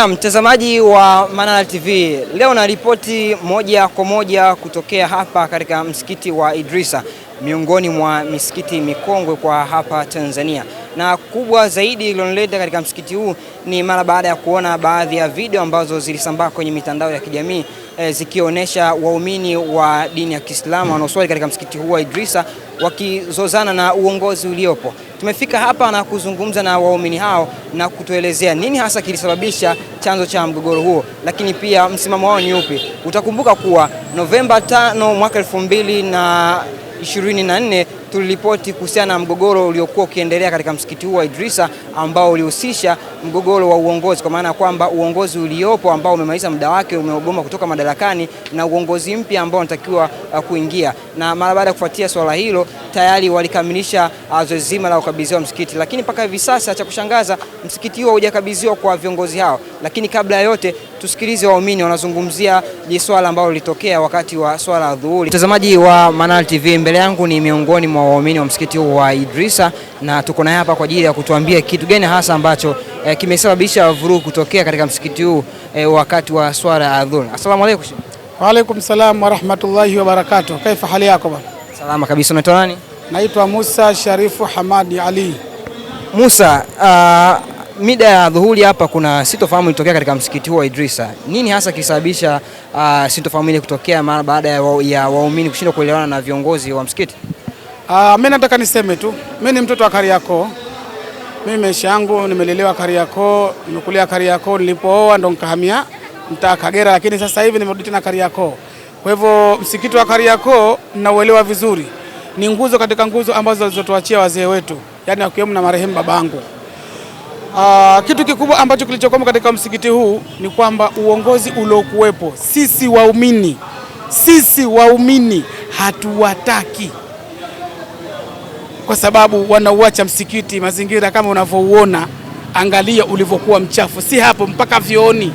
na Mtazamaji wa Manara TV, leo na ripoti moja kwa moja kutokea hapa katika msikiti wa Idrisa miongoni mwa misikiti mikongwe kwa hapa Tanzania, na kubwa zaidi ilionileta katika msikiti huu ni mara baada ya kuona baadhi ya video ambazo zilisambaa kwenye mitandao ya kijamii e, zikionyesha waumini wa dini ya Kiislamu wanaoswali katika msikiti huu wa Idrisa wakizozana na uongozi uliopo. Tumefika hapa na kuzungumza na waumini hao na kutuelezea nini hasa kilisababisha chanzo cha mgogoro huo, lakini pia msimamo wao ni upi. Utakumbuka kuwa Novemba 5 mwaka elfu mbili na 24 tuliripoti kuhusiana na mgogoro uliokuwa ukiendelea katika msikiti huu wa Idrisa ambao ulihusisha mgogoro wa uongozi, kwa maana ya kwamba uongozi uliopo ambao umemaliza muda wake umeogoma kutoka madarakani na uongozi mpya ambao unatakiwa uh, kuingia. Na mara baada ya kufuatia swala hilo tayari walikamilisha uh, zoezi zima la kukabidhiwa msikiti, lakini mpaka hivi sasa cha kushangaza msikiti huo hujakabidhiwa kwa viongozi hao. Lakini kabla ya yote tusikilize waumini wanazungumzia swala ambalo lilitokea wakati wa swala adhuhuri. Mtazamaji wa Manara TV, mbele yangu ni miongoni mwa waumini wa msikiti huu wa Idrisa, na tuko naye hapa kwa ajili ya kutuambia kitu gani hasa ambacho eh, kimesababisha vurugu kutokea katika msikiti huu eh, wakati wa swala ya adhuhuri. Asalamu alaykum. Wa alaykum salam wa rahmatullahi wa barakatuh. Kaifa hali yako bwana? Salama kabisa. Unaitwa nani? Naitwa Musa Sharifu Hamadi Ali. Musa, uh, mida ya dhuhuri hapa kuna sitofahamu ilitokea katika msikiti huu wa Idrisa. Nini hasa kilisababisha uh, sitofahamu ile kutokea mara baada ya waumini wa kushindwa kuelewana na viongozi wa msikiti? Ah, mimi nataka niseme tu, mimi ni mtoto wa Kariakoo. Mimi maisha yangu nimelelewa Kariakoo, nimekulia Kariakoo, nilipooa ndo nikahamia mtaa Kagera, lakini sasa hivi nimerudi tena Kariakoo. Kwa hivyo msikiti wa Kariakoo nauelewa vizuri, ni nguzo katika nguzo ambazo walizotuachia wazee wetu, yani akiwemo na marehemu babangu. Ah, kitu kikubwa ambacho kilichokwama katika msikiti huu ni kwamba uongozi uliokuwepo, sisi waumini, sisi waumini hatuwataki kwa sababu wanauacha msikiti. Mazingira kama unavyouona, angalia ulivyokuwa mchafu, si hapo mpaka vyooni.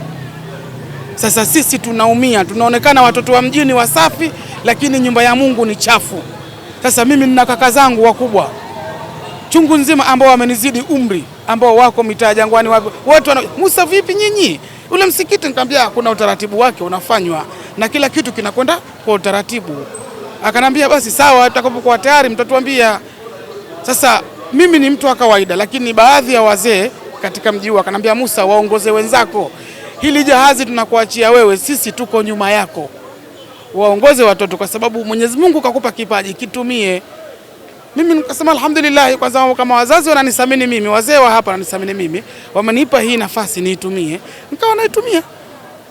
Sasa sisi tunaumia, tunaonekana watoto wa mjini wasafi, lakini nyumba ya Mungu ni chafu. Sasa mimi nina kaka zangu wakubwa chungu nzima ambao wamenizidi umri ambao wako mitaa Jangwani, wako wote wana Musa, vipi nyinyi? Ule msikiti nikamwambia kuna utaratibu wake unafanywa na kila kitu kinakwenda kwa utaratibu. Akanambia basi sawa, atakapokuwa tayari mtatuambia. Sasa mimi ni mtu wa kawaida, lakini baadhi ya wazee katika mji huu akanambia, Musa, waongoze wenzako, hili jahazi tunakuachia wewe, sisi tuko nyuma yako, waongoze watoto, kwa sababu Mwenyezi Mungu kakupa kipaji, kitumie. Mimi nikasema alhamdulillah, kwanza kama wazazi wananisamini mimi, wazee wa hapa wananisamini mimi, wamenipa hii nafasi niitumie, nikawa naitumia.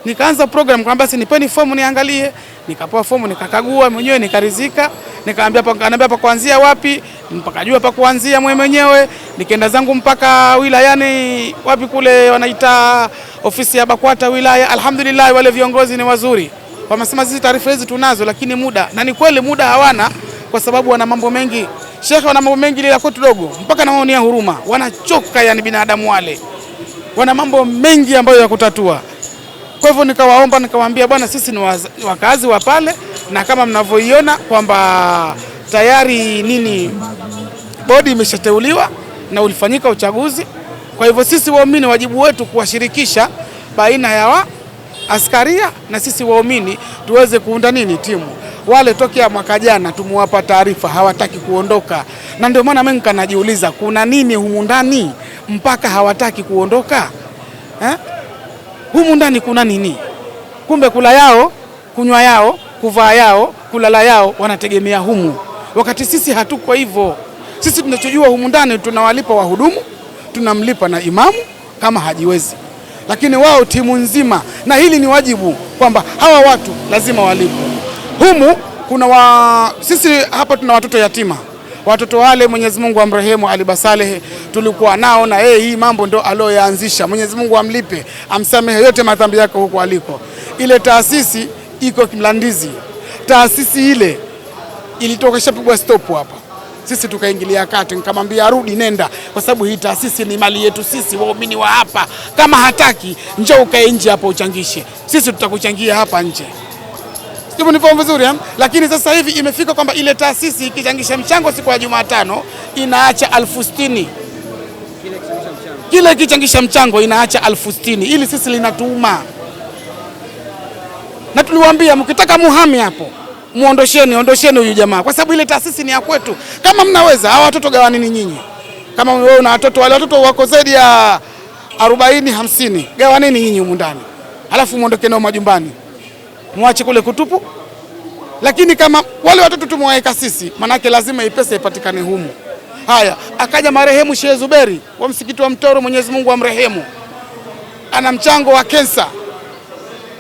Nikaanza program kwamba basi nipeni fomu niangalie. Nikapewa fomu nikakagua mwenyewe nikaridhika, nikaambia anaambia pa kuanzia wapi, mpakajua pa kuanzia mwe mwenyewe. Nikaenda zangu mpaka wilayani wapi kule wanaita ofisi ya BAKWATA wilaya. Alhamdulillah, wale viongozi ni wazuri, wamesema sisi taarifa hizi tunazo, lakini muda, na ni kweli muda hawana, kwa sababu wana mambo mengi Shekhe, wana mambo mengi, lile kwetu dogo, mpaka nawaonea huruma, wanachoka. Yani binadamu wale wana mambo mengi ambayo ya kutatua. Kwa hivyo nikawaomba, nikawaambia bwana, sisi ni wakazi wa pale, na kama mnavyoiona kwamba tayari nini bodi imeshateuliwa na ulifanyika uchaguzi. Kwa hivyo sisi waumini, wajibu wetu kuwashirikisha baina ya wa askaria na sisi waumini tuweze kuunda nini timu. Wale tokea mwaka jana tumewapa taarifa, hawataki kuondoka, na ndio maana mimi nikanajiuliza kuna nini humu ndani mpaka hawataki kuondoka eh? humu ndani kuna nini? Kumbe kula yao, kunywa yao, kuvaa yao, kulala yao wanategemea humu, wakati sisi hatuko hivyo. Sisi tunachojua humu ndani tunawalipa wahudumu, tunamlipa na imamu kama hajiwezi, lakini wao timu nzima, na hili ni wajibu kwamba hawa watu lazima walipwe. Humu kuna wa... sisi hapa tuna watoto yatima Watoto wale Mwenyezi Mungu amrehemu Ali Basalehe, tulikuwa nao na yeye, hii mambo ndo aliyoyaanzisha. Mwenyezi Mungu amlipe, amsamehe yote madhambi yake huko aliko. Ile taasisi iko Kimlandizi, taasisi ile ilitoka shapigwa stop hapa sisi tukaingilia kati, nikamwambia arudi, nenda, kwa sababu hii taasisi ni mali yetu sisi waumini wa hapa. Kama hataki, njoo ukae nje hapa uchangishe, sisi tutakuchangia hapa nje nipo vizuri eh? Lakini sasa hivi imefika kwamba ile taasisi ikichangisha mchango siku ya Jumatano inaacha elfu sitini kile ikichangisha mchango inaacha elfu sitini ili sisi linatuuma, na tuliwaambia mkitaka muhami hapo muondosheni, ondosheni huyu jamaa, kwa sababu ile taasisi ni ya kwetu. Kama mnaweza hawa watoto gawanini nyinyi, kama wewe una watoto wale watoto wako zaidi ya 40 50, gawanini nyinyi humu ndani, alafu muondoke nao majumbani mwache kule kutupu, lakini kama wale watoto tumewaweka sisi, manake lazima ipesa ipatikane humu. Haya, akaja marehemu Sheikh Zuberi wa msikiti wa Mtoro, Mwenyezi Mungu amrehemu, ana mchango wa kensa.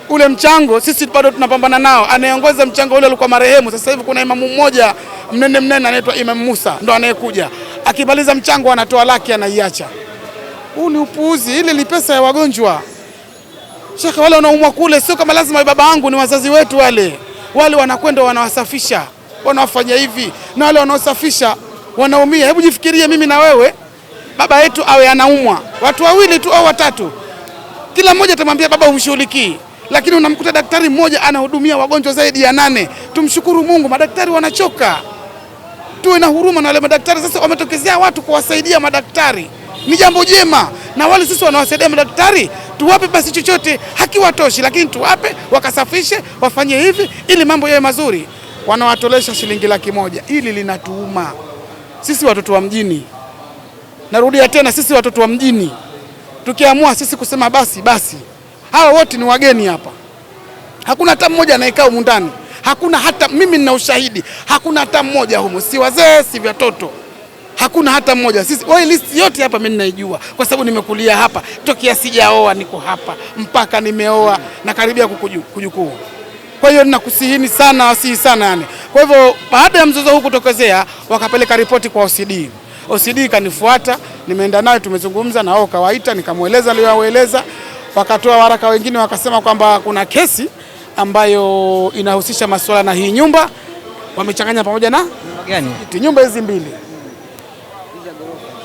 Ule mchango sisi bado tunapambana nao. Anayeongoza mchango ule alikuwa marehemu. Sasa hivi kuna imamu mmoja mnene mnene anaitwa Imam Musa, ndo anayekuja akimaliza mchango anatoa laki, anaiacha. Huu ni upuuzi, ile ni pesa ya wagonjwa. Shekhe, wale wanaumwa kule sio kama lazima baba wangu, ni wazazi wetu wale. Wale wanakwenda wanawasafisha, wanawafanya hivi, na wale wanaosafisha wanaumia. Hebu jifikirie, mimi na wewe, baba yetu awe anaumwa, watu wawili tu au watatu, kila mmoja atamwambia baba humshughulikii, lakini unamkuta daktari mmoja anahudumia wagonjwa zaidi ya nane. Tumshukuru Mungu, madaktari wanachoka. Tuwe na huruma na wale madaktari. Sasa wametokezea watu kuwasaidia madaktari, ni jambo jema, na wale sisi wanawasaidia madaktari tuwape basi chochote, hakiwatoshi, lakini tuwape wakasafishe, wafanye hivi ili mambo yawe mazuri. Wanawatolesha shilingi laki moja. ili linatuuma sisi watoto wa mjini. Narudia tena, sisi watoto wa mjini tukiamua sisi kusema basi basi, hawa wote ni wageni hapa, hakuna hata mmoja anayekaa humu ndani, hakuna hata mimi nina ushahidi, hakuna hata mmoja humu, si wazee si watoto hakuna hata mmoja. Sisi wewe list yote hapa mimi ninaijua, kwa sababu nimekulia hapa tokea sijaoa, niko hapa mpaka nimeoa na karibia kujukuu. Kwa hiyo ninakusihini sana, wasihi sana yani. Kwa hivyo baada ya mzozo huu kutokezea, wakapeleka ripoti kwa OCD. OCD kanifuata, nimeenda nayo, tumezungumza na wao, kawaita, nikamweleza aliyoeleza. Wakatoa waraka wengine wakasema kwamba kuna kesi ambayo inahusisha masuala na hii nyumba wamechanganya pamoja na gani? nyumba hizi mbili.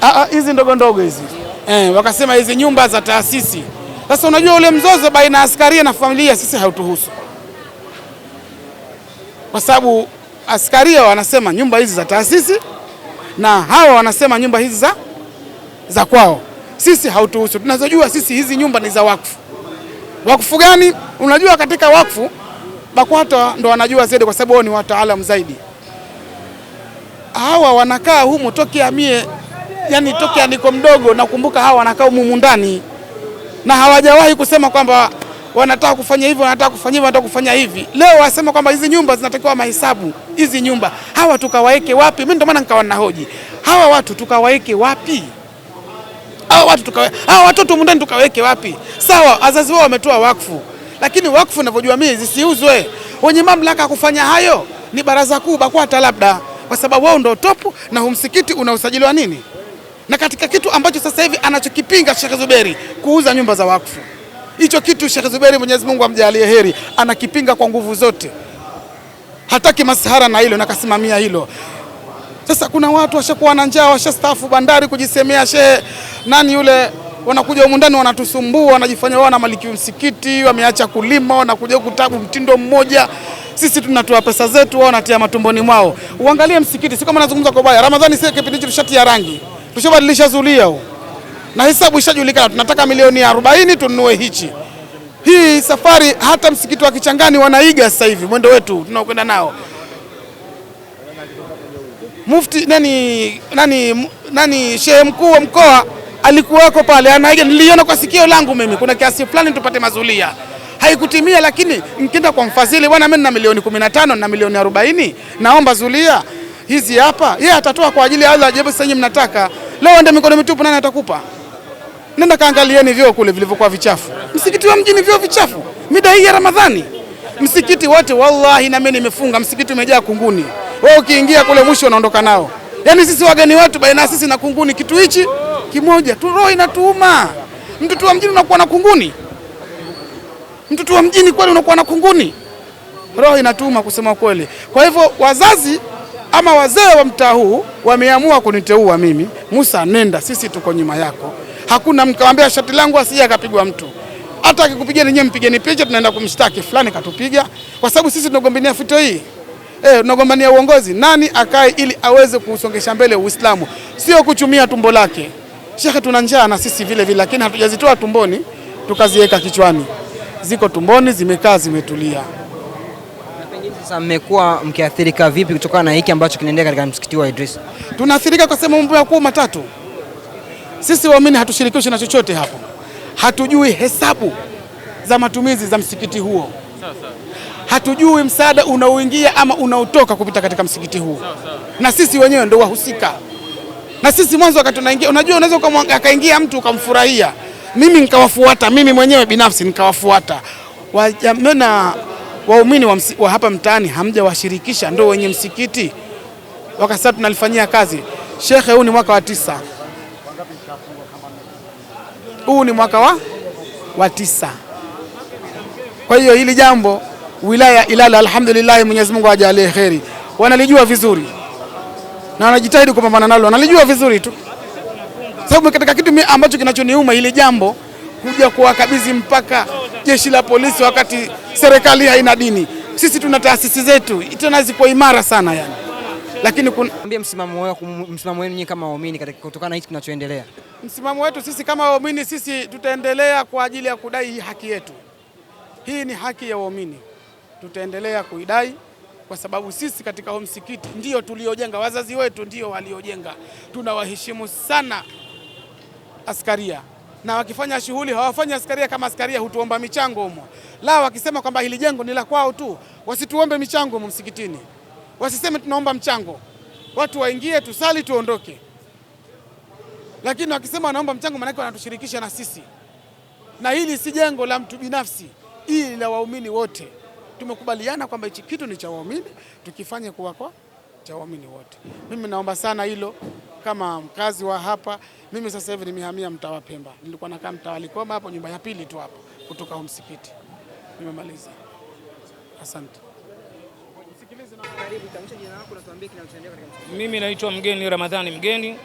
Ah, ah, hizi ndogo ndogo hizi eh, wakasema hizi nyumba za taasisi. Sasa unajua ule mzozo baina ya askaria na familia sisi hautuhusu, kwa sababu askaria wanasema nyumba hizi za taasisi na hawa wanasema nyumba hizi za, za kwao. Sisi hautuhusu, tunazojua sisi hizi nyumba ni za wakfu. Wakfu gani? Unajua katika wakfu BAKWATA ndo wanajua zaidi, kwa sababu wao ni wataalamu zaidi. Hawa wanakaa humo tokea mie yani tokea niko mdogo nakumbuka hawa wanakaa humu ndani na hawajawahi kusema kwamba wanataka kufanya hivi, wanataka kufanya hivi, wanataka kufanya hivi. Leo wasema kwamba hizi nyumba zinatakiwa mahesabu, hizi nyumba hawa tukawaeke wapi? Mimi ndio maana nikawa hoji, hawa watu tukawaeke wapi? hawa watu tukawa, hawa watoto mundani tukaweke wapi? Sawa, wazazi wao wametoa wakfu, lakini wakfu ninavyojua mimi zisiuzwe. Wenye mamlaka ya kufanya hayo ni baraza kuu BAKWATA, labda kwa sababu wao ndio topu, na humsikiti unausajiliwa una usajili wa nini? na katika kitu ambacho sasa hivi anachokipinga Sheikh Zuberi kuuza nyumba za wakfu, hicho kitu Sheikh Zuberi, Mwenyezi Mungu amjalie heri, anakipinga kwa nguvu zote, hataki masahara na hilo, nakasimamia hilo. Sasa kuna watu washakuwa na njaa, washastaafu bandari kujisemea shehe nani yule wanakuja humu ndani wanatusumbua, wanajifanya wao na maliki msikiti, wameacha kulima, wanakuja kutabu mtindo mmoja. Sisi tunatoa pesa zetu, wao wanatia matumboni mwao. Uangalie msikiti, si kama nazungumza kwa baya. Ramadhani sio kipindi chetu shati ya rangi. Tushabadilisha zulia huu na hisabu ishajulikana, tunataka milioni ya 40 tununue hichi. Hii safari hata msikiti wa Kichangani wanaiga sasa hivi mwendo wetu tunaokwenda nao. Mufti nani nani nani, shehe mkuu wa mkoa alikuwako pale anaiga, niliona kwa sikio langu mimi, kuna kiasi fulani tupate mazulia. Haikutimia, lakini mkienda kwa mfadhili, bwana, mimi na milioni 15 na milioni 40, naomba zulia hizi hapa, yeye atatoa kwa ajili ya Allah. Jebu Sasa nyinyi mnataka Leo ende mikono mitupu, nani atakupa? Nenda kaangalieni vyoo kule vilivyokuwa vichafu. Msikiti wa mjini vyoo vichafu mida hii ya Ramadhani, msikiti wote wallahi, na mimi nimefunga msikiti umejaa kunguni. Wewe ukiingia kule mwisho unaondoka nao. Yaani sisi wageni wetu baina sisi na kunguni, kitu hichi kimoja tu, roho inatuuma. Mtoto wa mjini unakuwa na kunguni, mtoto wa mjini kweli unakuwa na kunguni, roho inatuuma kusema kweli. Kwa hivyo wazazi ama wazee wa mtaa huu wameamua kuniteua mimi, Musa nenda, sisi tuko nyuma yako. Hakuna mkamwambia shati langu asije akapigwa mtu, hata akikupiga ninyi mpigeni picha, tunaenda kumshtaki fulani katupiga, kwa sababu sisi tunagombania fito hii eh, tunagombania uongozi. Nani akae ili aweze kusongesha mbele Uislamu, sio kuchumia tumbo lake. Shekhe, tuna njaa na sisi vile vile, lakini hatujazitoa tumboni tukaziweka kichwani, ziko tumboni, zimekaa zimetulia. Sasa mmekuwa mkiathirika vipi kutokana na hiki ambacho kinaendelea katika msikiti wa Idris? Tunaathirika kwa sehemu mambo yakuwa matatu. Sisi waamini hatushirikishwi na chochote hapo, hatujui hesabu za matumizi za msikiti huo, hatujui msaada unaoingia ama unaotoka kupita katika msikiti huo, na sisi wenyewe ndio wahusika. Na sisi mwanzo wakati tunaingia, unajua, unaweza akaingia mtu ukamfurahia, mimi nikawafuata, mimi mwenyewe binafsi nikawafuata wajamena waumini wa, wa hapa mtaani hamja washirikisha ndio wenye msikiti wakasa, tunalifanyia kazi shekhe. Huu ni mwaka wa tisa, huu ni mwaka wa, wa tisa. Kwa hiyo hili jambo wilaya Ilala, alhamdulillah, Mwenyezi Mungu ajalie kheri, wanalijua vizuri na wanajitahidi kupambana nalo, wanalijua vizuri tu, sababu katika kitu ambacho kinachoniuma hili jambo kuja kuwakabidhi mpaka jeshi la polisi wakati serikali haina dini. Sisi tuna taasisi zetu tena ziko imara sana yani, lakini kuniambia msimamo wenu nyinyi kama waumini katika kutokana na hichi kinachoendelea. Msimamo wetu sisi kama waumini, sisi tutaendelea kwa ajili ya kudai haki yetu. Hii ni haki ya waumini, tutaendelea kuidai kwa sababu sisi katika huu msikiti ndio tuliojenga, wazazi wetu ndio waliojenga. Tunawaheshimu sana askaria, na wakifanya shughuli hawafanyi askaria kama askaria, hutuomba michango humo la wakisema kwamba hili jengo ni la kwao tu, wasituombe michango msikitini, wasiseme tunaomba mchango, watu waingie tusali tuondoke. Lakini wakisema wanaomba mchango, maanake wanatushirikisha na sisi, na hili si jengo la mtu binafsi, hili la waumini wote. Tumekubaliana kwamba hichi kitu ni cha waumini, tukifanye kuwa kwa cha waumini wote. Mimi naomba sana hilo kama mkazi wa hapa. Mimi sasa hivi nimehamia mtaa wa Pemba, nilikuwa nakaa mtaa wa Likoma hapo, nyumba ya pili tu hapo kutoka msikiti. Nimemaliza, asante. Mimi naitwa Mgeni Ramadhani Mgeni,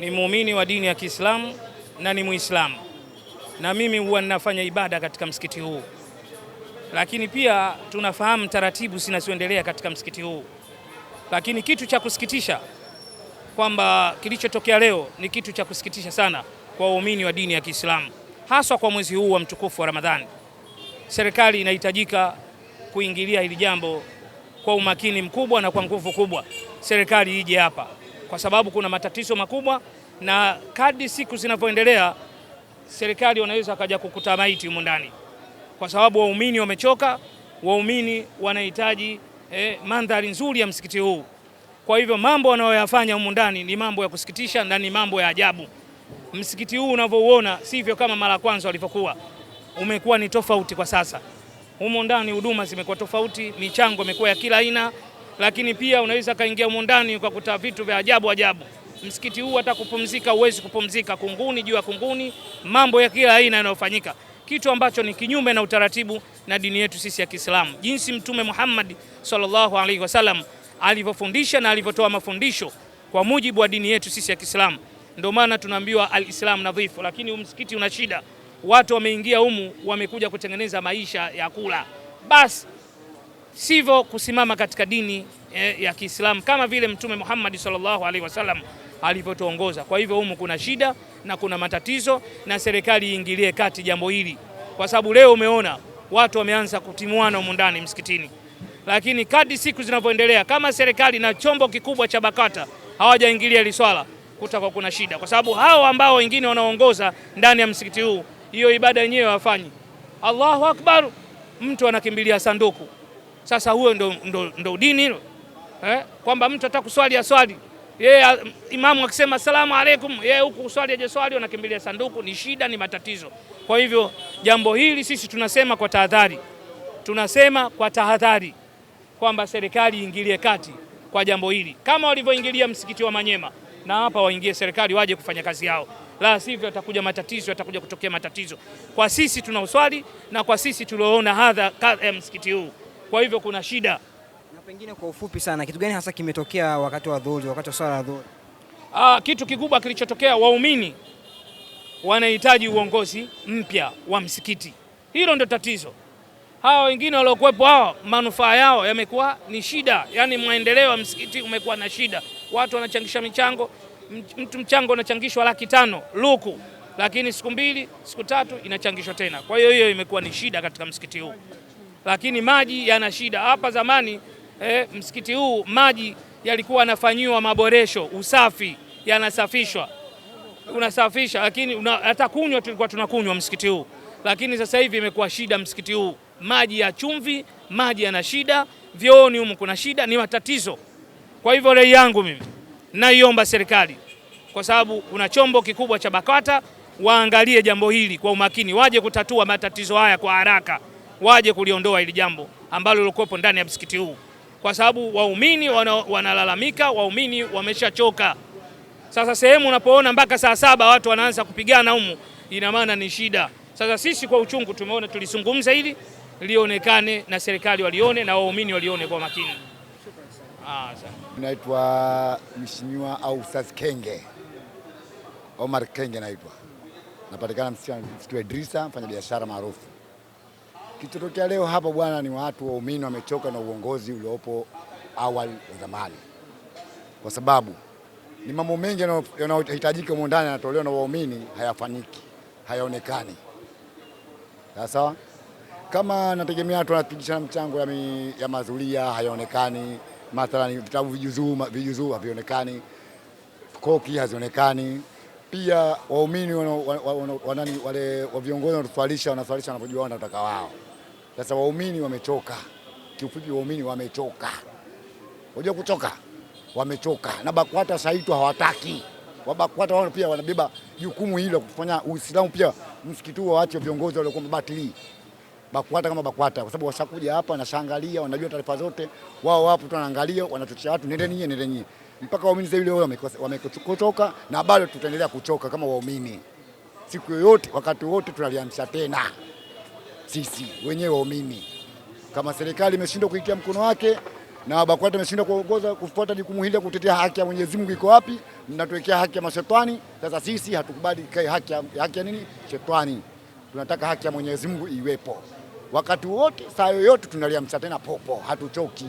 ni muumini wa dini ya Kiislamu na ni Muislamu, na mimi huwa ninafanya ibada katika msikiti huu, lakini pia tunafahamu taratibu zinazoendelea katika msikiti huu, lakini kitu cha kusikitisha kwamba kilichotokea leo ni kitu cha kusikitisha sana kwa waumini wa dini ya Kiislamu haswa kwa mwezi huu wa mtukufu wa Ramadhani. Serikali inahitajika kuingilia hili jambo kwa umakini mkubwa na kwa nguvu kubwa. Serikali ije hapa kwa sababu kuna matatizo makubwa, na kadri siku zinavyoendelea, serikali wanaweza wakaja kukuta maiti humu ndani, kwa sababu waumini wamechoka, waumini wanahitaji eh, mandhari nzuri ya msikiti huu. Kwa hivyo mambo wanayoyafanya humu ndani ni mambo ya kusikitisha na ni mambo ya ajabu msikiti huu unavyouona sivyo kama mara kwanza walivyokuwa, umekuwa ni tofauti kwa sasa. Humo ndani huduma zimekuwa tofauti, michango imekuwa ya kila aina, lakini pia unaweza kaingia humo ndani ukakuta vitu vya ajabu ajabu. Msikiti huu hata kupumzika huwezi kupumzika, kunguni juu ya kunguni, mambo ya kila aina yanayofanyika, kitu ambacho ni kinyume na utaratibu na dini yetu sisi ya Kiislamu, jinsi Mtume Muhammad sallallahu alaihi wasallam alivyofundisha na alivyotoa mafundisho kwa mujibu wa dini yetu sisi ya Kiislamu. Ndio maana tunaambiwa alislamu nadhifu, lakini msikiti una shida, watu wameingia humu, wamekuja kutengeneza maisha ya kula basi, sivyo kusimama katika dini eh, ya Kiislamu kama vile Mtume Muhammad sallallahu alaihi wasallam alivyotuongoza. Kwa hivyo humu kuna shida na kuna matatizo, na serikali iingilie kati jambo hili, kwa sababu leo umeona watu wameanza kutimuana humu ndani msikitini, lakini kadri siku zinavyoendelea, kama serikali na chombo kikubwa cha bakata hawajaingilia hili swala kutakuwa kuna shida, kwa sababu hao ambao wengine wanaongoza ndani ya msikiti huu hiyo ibada yenyewe hawafanyi. Allahu akbar, mtu anakimbilia sanduku. Sasa huyo ndo, ndo, ndo dini eh? Kwamba mtu ataka kuswali aswali yeye, imamu akisema asalamu alaikum, yeye huku kuswali swali, anakimbilia sanduku. Ni shida, ni matatizo. Kwa hivyo jambo hili sisi tunasema kwa tahadhari, tunasema kwa tahadhari kwamba serikali iingilie kati kwa jambo hili kama walivyoingilia msikiti wa Manyema na hapa waingie serikali waje kufanya kazi yao, la sivyo atakuja matatizo, atakuja kutokea matatizo kwa sisi tunaoswali na kwa sisi tulioona hadha eh, msikiti huu. Kwa hivyo kuna shida. Na pengine kwa ufupi sana, kitu gani hasa kimetokea wakati wa dhuhuri, wakati wa swala ya dhuhuri? Ah, kitu kikubwa kilichotokea, waumini wanahitaji uongozi mpya wa msikiti, hilo ndio tatizo hawa wengine waliokuwepo hawa manufaa yao yamekuwa ni shida, yaani maendeleo ya msikiti umekuwa na shida. Watu wanachangisha michango, mtu mchango unachangishwa laki tano luku, lakini siku mbili siku tatu inachangishwa tena. Kwa hiyo hiyo imekuwa ni shida katika msikiti huu, lakini maji yana shida hapa. Zamani eh, msikiti huu maji yalikuwa yanafanyiwa maboresho, usafi, yanasafishwa, unasafisha, lakini hata kunywa tulikuwa tunakunywa msikiti huu, lakini sasa hivi imekuwa shida msikiti huu maji ya chumvi, maji yana shida, vyooni humu kuna shida, ni matatizo. Kwa hivyo rai yangu mimi naiomba serikali, kwa sababu kuna chombo kikubwa cha BAKWATA, waangalie jambo hili kwa umakini, waje kutatua matatizo haya kwa haraka, waje kuliondoa hili jambo ambalo lilokuwepo ndani ya msikiti huu, kwa sababu waumini wanalalamika, waumini wameshachoka sasa. Sehemu unapoona mpaka saa saba watu wanaanza kupigana humu, ina maana ni shida. Sasa sisi kwa uchungu tumeona tulizungumza hili lionekane na serikali walione na waumini walione kwa makini. Ah, naitwa Mheshimiwa Ausas Kenge Omar Kenge, naitwa napatikana msikiti wa Idrisa, mfanya biashara maarufu. Kichotokea leo hapa bwana, ni watu waumini wamechoka na uongozi uliopo awali wa zamani, kwa sababu ni mambo mengi yanayohitajika humo ndani yanatolewa na waumini, hayafaniki hayaonekani. Sasa kama nategemea tunapigishana mchango ya, mi, ya mazulia hayaonekani, mathalani vitabu vijuzuu havionekani, koki hazionekani, pia waumini wale wa viongozi wanatutwalisha wanatutwalisha wanavyojua wanataka wao. Sasa waumini wamechoka, kiufupi waumini wamechoka, unajua kuchoka, wamechoka na BAKWATA saitu hawataki wa wao pia wanabeba jukumu hilo kufanya Uislamu pia msikiti huo waache viongozi waliokuwa mabatili BAKWATA kama BAKWATA kwa sababu washakuja hapa wanashangalia, wanajua taarifa zote, wao wapo tu wanaangalia, wanachochea watu nende nyie, nende nyie, mpaka waumini zile wao leo na bado tutaendelea kuchoka kama waumini. Siku yoyote wakati wote tunaliamsha tena sisi wenyewe waumini, kama serikali imeshindwa kuitia mkono wake na BAKWATA ameshindwa kuongoza kufuata jukumu hili ya kutetea haki ya Mwenyezi Mungu iko wapi? Mnatuwekea haki ya mashetani. Sasa sisi hatukubali haki ya, haki ya nini shetani, tunataka haki ya Mwenyezi Mungu iwepo wakati wote, saa yoyote, tunalia tena popo, hatuchoki.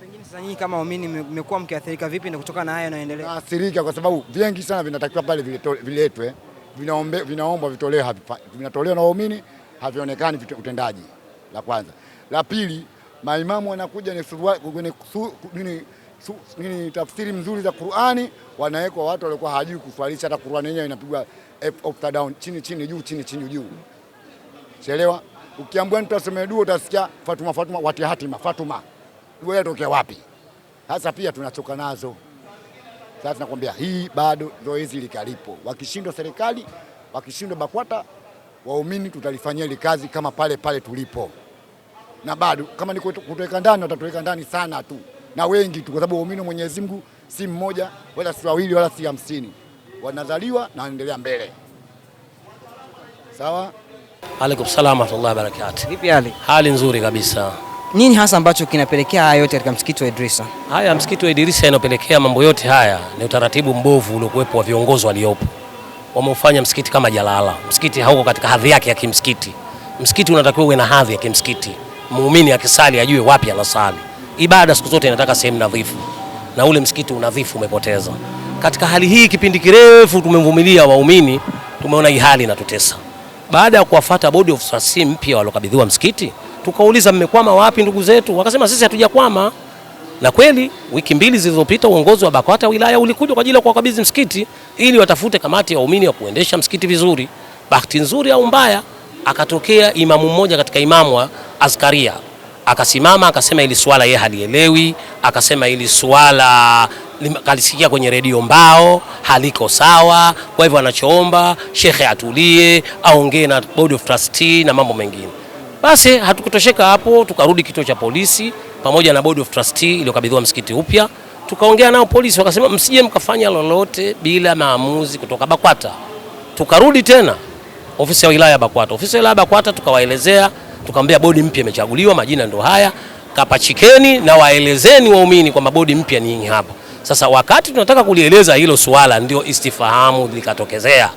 Pengine sasa nyinyi kama waumini mmekuwa mkiathirika vipi na kutokana na haya yanayoendelea? Naathirika kwa sababu vingi sana vinatakiwa pale viletwe, vinaombe vinaombwa vitolewe, vinatolewa na waumini, havionekani utendaji, la kwanza. La pili maimamu wanakuja ni tafsiri mzuri za Qur'ani, wanawekwa watu waliokuwa hawajui kufarisha hata Qur'ani yenyewe inapigwa upside down, chini chini, juu chini chini, juu. chelewa. ukiambiwa nitasema dua utasikia Fatuma Fatuma wati hatima Fatuma, dua yatokea wapi? Sasa pia tunachoka nazo sasa, nakwambia hii bado zoezi likalipo. Wakishindwa serikali, wakishindwa BAKWATA, waumini tutalifanyia ile kazi kama pale pale tulipo na bado kama ni kutoweka ndani, watatoweka ndani sana tu na wengi tu, kwa sababu waumini Mwenyezi Mungu si mmoja wala si wawili wala si hamsini, wanazaliwa na wanaendelea mbele. Sawa, alaikum salaam warahmatullahi wabarakatuh. Vipi hali? Hali nzuri kabisa. Nini hasa ambacho kinapelekea haya yote katika msikiti wa Idrisa? Haya, msikiti wa Idrisa inayopelekea mambo yote haya ni utaratibu mbovu uliokuwepo wa viongozi waliopo, wameufanya msikiti kama jalala. Msikiti hauko katika hadhi yake ya kimsikiti. Msikiti unatakiwa uwe na hadhi ya kimsikiti muumini akisali ajue wapi anasali. Ibada siku zote inataka sehemu nadhifu, na ule msikiti unadhifu umepoteza. Katika hali hii, kipindi kirefu tumevumilia waumini, tumeona hii hali inatutesa. Baada ya kuwafata bodi of trustee mpya walokabidhiwa msikiti, tukauliza mmekwama wapi ndugu zetu? Wakasema sisi hatujakwama. Na kweli wiki mbili zilizopita uongozi wa BAKWATA wilaya ulikuja kwa ajili ya kuwakabidhi msikiti ili watafute kamati ya waumini ya kuendesha msikiti vizuri. Bahati nzuri au mbaya akatokea imamu mmoja katika imamu wa Azkaria akasimama akasema, ili swala yeye halielewi, akasema ili swala kalisikia kwenye redio mbao haliko sawa. Kwa hivyo anachoomba shekhe atulie, aongee na board of trustee na mambo mengine. Basi hatukutosheka hapo, tukarudi kituo cha polisi pamoja na board of trustee iliyokabidhiwa msikiti upya, tukaongea nao. Polisi wakasema msije mkafanya lolote bila maamuzi kutoka BAKWATA. Tukarudi tena ofisi ya wilaya BAKWATA. Ofisi ya wilaya BAKWATA tukawaelezea, tukamwambia bodi mpya imechaguliwa, majina ndo haya, kapachikeni na waelezeni waumini kwamba bodi mpya ni hapa. Sasa wakati tunataka kulieleza hilo suala, ndio istifahamu likatokezea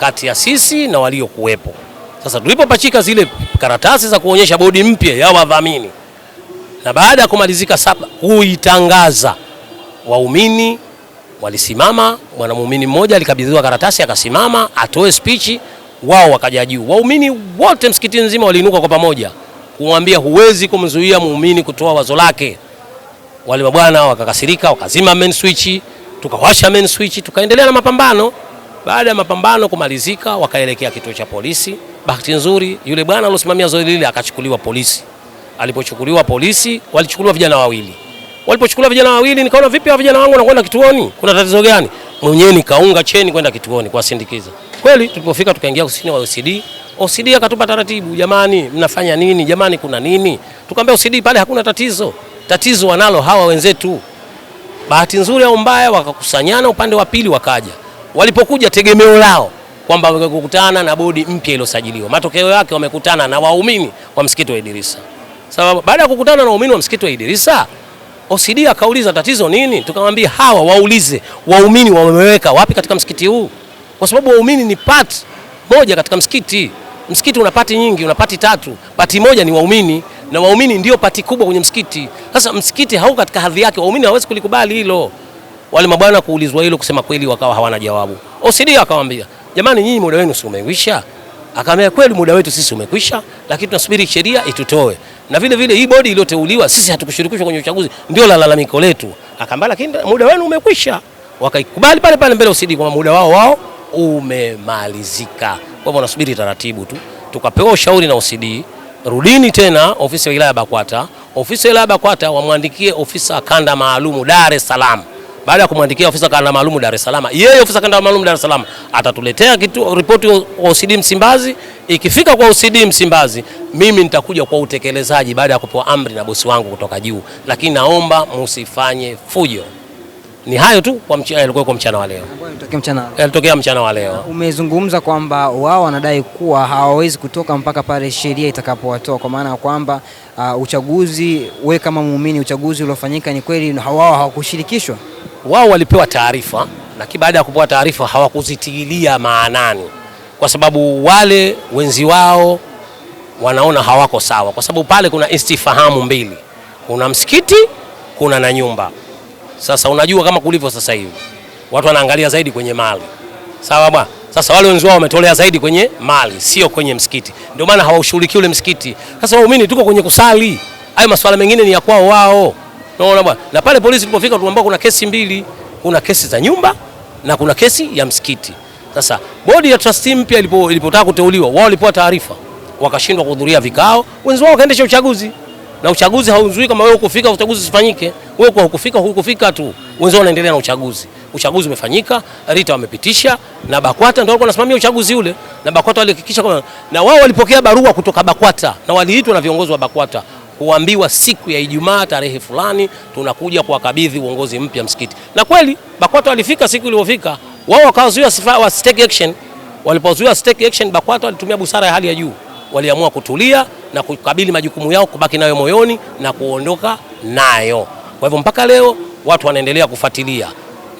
kati ya sisi na waliokuwepo. Sasa tulipopachika zile karatasi za kuonyesha bodi mpya ya wadhamini, na baada ya kumalizika saba kuitangaza, waumini walisimama. Mwanamuumini mmoja alikabidhiwa karatasi, akasimama atoe spichi wao wakaja juu. Waumini wote msikiti nzima waliinuka kwa pamoja kumwambia, huwezi kumzuia muumini kutoa wazo lake. Wale mabwana wakakasirika, wakazima main switch, tukawasha main switch, tukaendelea na mapambano. Baada ya mapambano kumalizika, wakaelekea kituo cha polisi. Bahati nzuri yule bwana aliosimamia zoezi lile akachukuliwa polisi. Alipochukuliwa polisi, walichukuliwa vijana wawili. Walipochukua vijana wawili, nikaona vipi hawa vijana wangu wanakwenda kituoni, kuna tatizo gani? Mwenyewe nikaunga cheni kwenda kituoni kuwasindikiza. Kweli tulipofika tukaingia kusini wa OCD. OCD akatupa taratibu, jamani, mnafanya nini? Jamani, kuna nini? Tukamwambia OCD, pale hakuna tatizo, tatizo wanalo hawa wenzetu. Bahati nzuri au mbaya, wakakusanyana upande wa pili, wakaja. Walipokuja tegemeo lao kwamba wamekutana na bodi mpya iliyosajiliwa. Matokeo yake wamekutana na waumini wa msikiti wa Idrisa. Sababu baada ya kukutana na waumini wa msikiti wa Idrisa, OCD akauliza tatizo nini? Tukamwambia hawa waulize waumini wameweka wapi katika msikiti huu, kwa sababu waumini ni part moja katika msikiti. Msikiti una pati nyingi, una pati tatu, pati moja ni waumini, na waumini ndio pati kubwa kwenye msikiti. Sasa msikiti hauko katika hadhi yake, waumini hawezi kulikubali hilo. Wale mabwana kuulizwa hilo, kusema kweli, wakawa hawana jawabu. OCD akamwambia jamani, nyinyi muda wenu si umekwisha? Akamwambia kweli, muda wetu sisi umekwisha, lakini tunasubiri sheria itutoe na vile vile hii bodi iliyoteuliwa, sisi hatukushirikishwa kwenye uchaguzi, ndio la lalamiko letu. Akaambia lakini muda wenu umekwisha, wakaikubali pale pale mbele usidi kwa muda wao wao umemalizika, kwa hivyo nasubiri taratibu tu. Tukapewa ushauri na usidi, rudini tena ofisi ya wilaya BAKWATA, ofisi ya wilaya BAKWATA wamwandikie ofisa kanda maalumu Dar es Salaam baada ya kumwandikia ofisa kanda maalum Dar es Salaam, yeye ofisa kanda maalum Dar es Salaam atatuletea kitu ripoti kwa OCD Msimbazi. Ikifika kwa OCD Msimbazi, mimi nitakuja kwa utekelezaji baada ya kupewa amri na bosi wangu kutoka juu, lakini naomba msifanye fujo. Ni hayo tu kwa yalikuwa kwa mchana wa leo, yalitokea mchana wa leo. Umezungumza kwamba wao wanadai kuwa hawawezi kutoka mpaka pale sheria itakapowatoa, kwa maana ya kwamba uh, uchaguzi, we kama muumini, uchaguzi uliofanyika ni kweli, wao hawakushirikishwa wao walipewa taarifa, lakini baada ya kupewa taarifa hawakuzitilia maanani, kwa sababu wale wenzi wao wanaona hawako sawa, kwa sababu pale kuna istifahamu mbili, kuna msikiti, kuna na nyumba. Sasa unajua kama kulivyo sasa hivi watu wanaangalia zaidi kwenye mali, sawa bwana. Sasa wale wenzi wao wametolea zaidi kwenye mali, sio kwenye msikiti, ndio maana hawaushughuliki ule msikiti. Sasa waumini tuko kwenye kusali, hayo masuala mengine ni ya kwao wao. Unaona bwana. Na pale polisi tulipofika tuliambiwa kuna kesi mbili, kuna kesi za nyumba na kuna kesi ya msikiti. Sasa bodi ya trustee mpya ilipotaka kuteuliwa, wao walipewa taarifa, wakashindwa kuhudhuria vikao, wenzao wakaendesha uchaguzi na uchaguzi hauzuii kama wewe ukufika uchaguzi usifanyike. Wewe kwa hukufika hukufika tu, wenzao wanaendelea na uchaguzi. Uchaguzi umefanyika, Rita wamepitisha na Bakwata ndio walikuwa wanasimamia uchaguzi ule, na Bakwata walihakikisha kwamba, na wao walipokea barua kutoka Bakwata na waliitwa na viongozi wa Bakwata huambiwa siku ya Ijumaa tarehe fulani tunakuja kuwakabidhi uongozi mpya msikiti. Na kweli BAKWATA walifika siku iliyofika, wao wakazuia wasitake action. Walipozuia stake action, Bakwato walitumia busara ya hali ya juu, waliamua kutulia na kukabili majukumu yao, kubaki nayo moyoni na kuondoka nayo. Kwa hivyo mpaka leo watu wanaendelea kufuatilia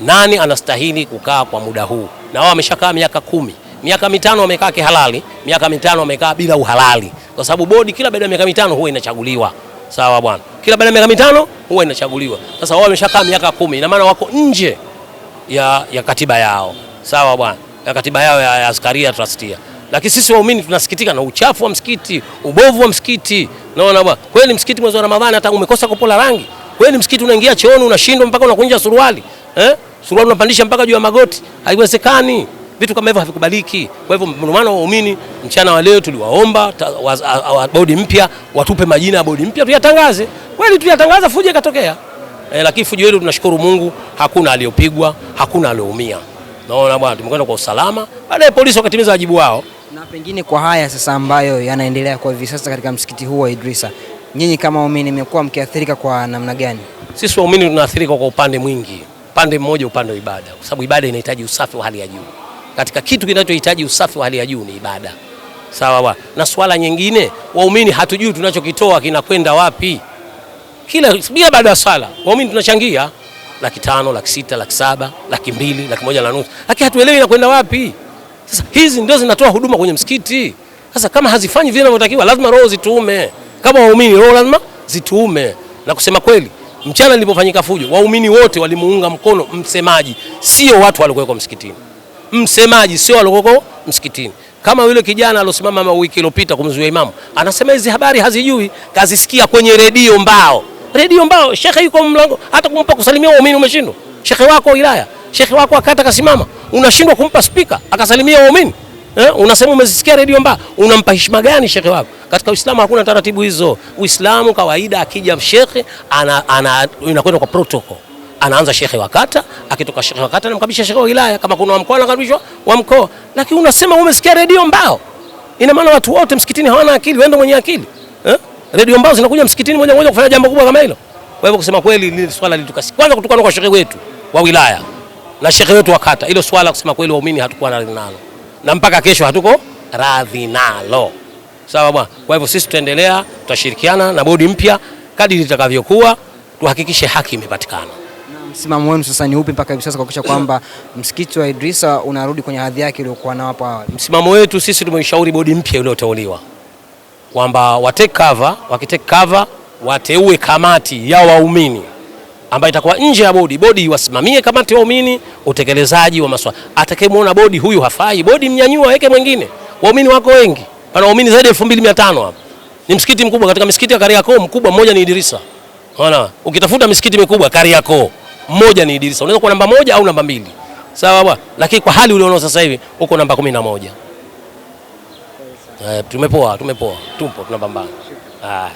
nani anastahili kukaa kwa muda huu, na wao wameshakaa miaka kumi miaka mitano wamekaa kihalali, miaka mitano wamekaa bila uhalali, kwa sababu bodi kila baada ya miaka mitano huwa inachaguliwa. Sawa bwana, kila baada ya miaka mitano huwa inachaguliwa. Sasa wao wameshakaa miaka kumi, ina maana wako nje ya, ya katiba yao. Sawa bwana, ya katiba yao ya, ya askaria trustia lakini sisi waumini tunasikitika na uchafu wa msikiti, ubovu wa msikiti. Naona bwana, kweli msikiti mwezi wa Ramadhani hata umekosa kupola rangi? Kweli msikiti unaingia chooni unashindwa mpaka unakunja suruali eh? Suruali unapandisha mpaka juu ya magoti, haiwezekani vitu kama hivyo havikubaliki. Kwa hivyo wa waumini mchana wa leo tuliwaomba bodi mpya watupe majina ya bodi mpya tuyatangaze, kweli tuyatangaza, fujo ikatokea. E, lakini fujo hilo tunashukuru Mungu, hakuna aliyopigwa, hakuna aliyoumia. Naona bwana, tumekwenda kwa usalama. Baadaye polisi wakatimiza wajibu wao. Na pengine kwa haya sasa ambayo yanaendelea kwa hivi sasa katika msikiti huu wa Idrisa, nyinyi kama waumini mmekuwa mkiathirika kwa namna gani? Sisi waumini tunaathirika kwa upande mwingi, upande mmoja, upande wa ibada, kwa sababu ibada inahitaji usafi wa hali ya juu katika kitu kinachohitaji usafi wa hali ya juu ni ibada. Sawa, na swala nyingine, waumini hatujui tunachokitoa kinakwenda wapi. Kila bila baada ya swala waumini tunachangia laki tano, laki sita, laki saba, laki mbili, laki moja na nusu, lakini hatuelewi inakwenda wapi. Sasa hizi ndio zinatoa huduma kwenye msikiti. Sasa kama hazifanyi vile inavyotakiwa, lazima roho zituume. Kama waumini roho lazima zituume. Na kusema kweli, mchana lilipofanyika fujo, waumini wote walimuunga mkono msemaji, sio watu walikuwa msikitini msemaji, sio alokoko msikitini. Kama yule kijana alosimama wiki iliyopita kumzuia imam anasema hizi habari hazijui, kazisikia kwenye redio mbao, redio mbao. Shekhe yuko mlango, hata kumpa kusalimia waumini umeshindwa. Shekhe wako wilaya, shekhe wako akata kasimama, unashindwa kumpa spika akasalimia waumini eh? Unasema umezisikia redio mbao, unampa heshima gani shekhe wako? Katika Uislamu hakuna taratibu hizo. Uislamu kawaida, akija mshekhe ana, ana, inakwenda kwa protocol anaanza shekhe wa kata, akitoka shekhe wa kata anamkabisha shekhe wa wilaya, kama kuna wa mkoa anakaribishwa wa mkoa. Lakini unasema umesikia redio mbao, ina maana watu wote msikitini hawana akili? Wewe ndio mwenye akili eh? Redio mbao zinakuja msikitini moja moja kufanya jambo kubwa kama hilo? Kwa hivyo kusema kweli, ni swala litukasi kwanza, kutukana kwa shekhe wetu wa wilaya na shekhe wetu wa kata, hilo swala kusema kweli, waumini hatukuwa radhi nalo, na mpaka kesho hatuko radhi nalo. Sawa bwana. Kwa hivyo sisi tutaendelea, tutashirikiana na bodi mpya kadiri litakavyokuwa, tuhakikishe haki imepatikana msimamo wenu sasa ni upi mpaka hivi sasa kuhakikisha kwamba msikiti wa Idrisa unarudi kwenye hadhi yake iliyokuwa nao hapo awali? Msimamo wetu sisi tumeshauri bodi mpya iliyoteuliwa kwamba wateke cover, wakiteke cover wateue kamati ya waumini ambayo itakuwa nje ya bodi. Bodi iwasimamie kamati ya waumini utekelezaji wa maswala. Atakayemwona bodi huyu hafai, bodi mnyanyua, weke mwingine. Waumini wako wengi, pana waumini zaidi ya 2500 hapa. Ni msikiti mkubwa katika misikiti ya Kariakoo, mkubwa mmoja ni Idrisa. Unaona, ukitafuta misikiti mikubwa Kariakoo mmoja ni Idrisa. Unaweza kuwa namba moja au namba mbili, sawa bwana, lakini kwa hali ulionao sasa hivi uko namba kumi na moja. Eh, tumepoa, tumepoa, tupo tunapambana.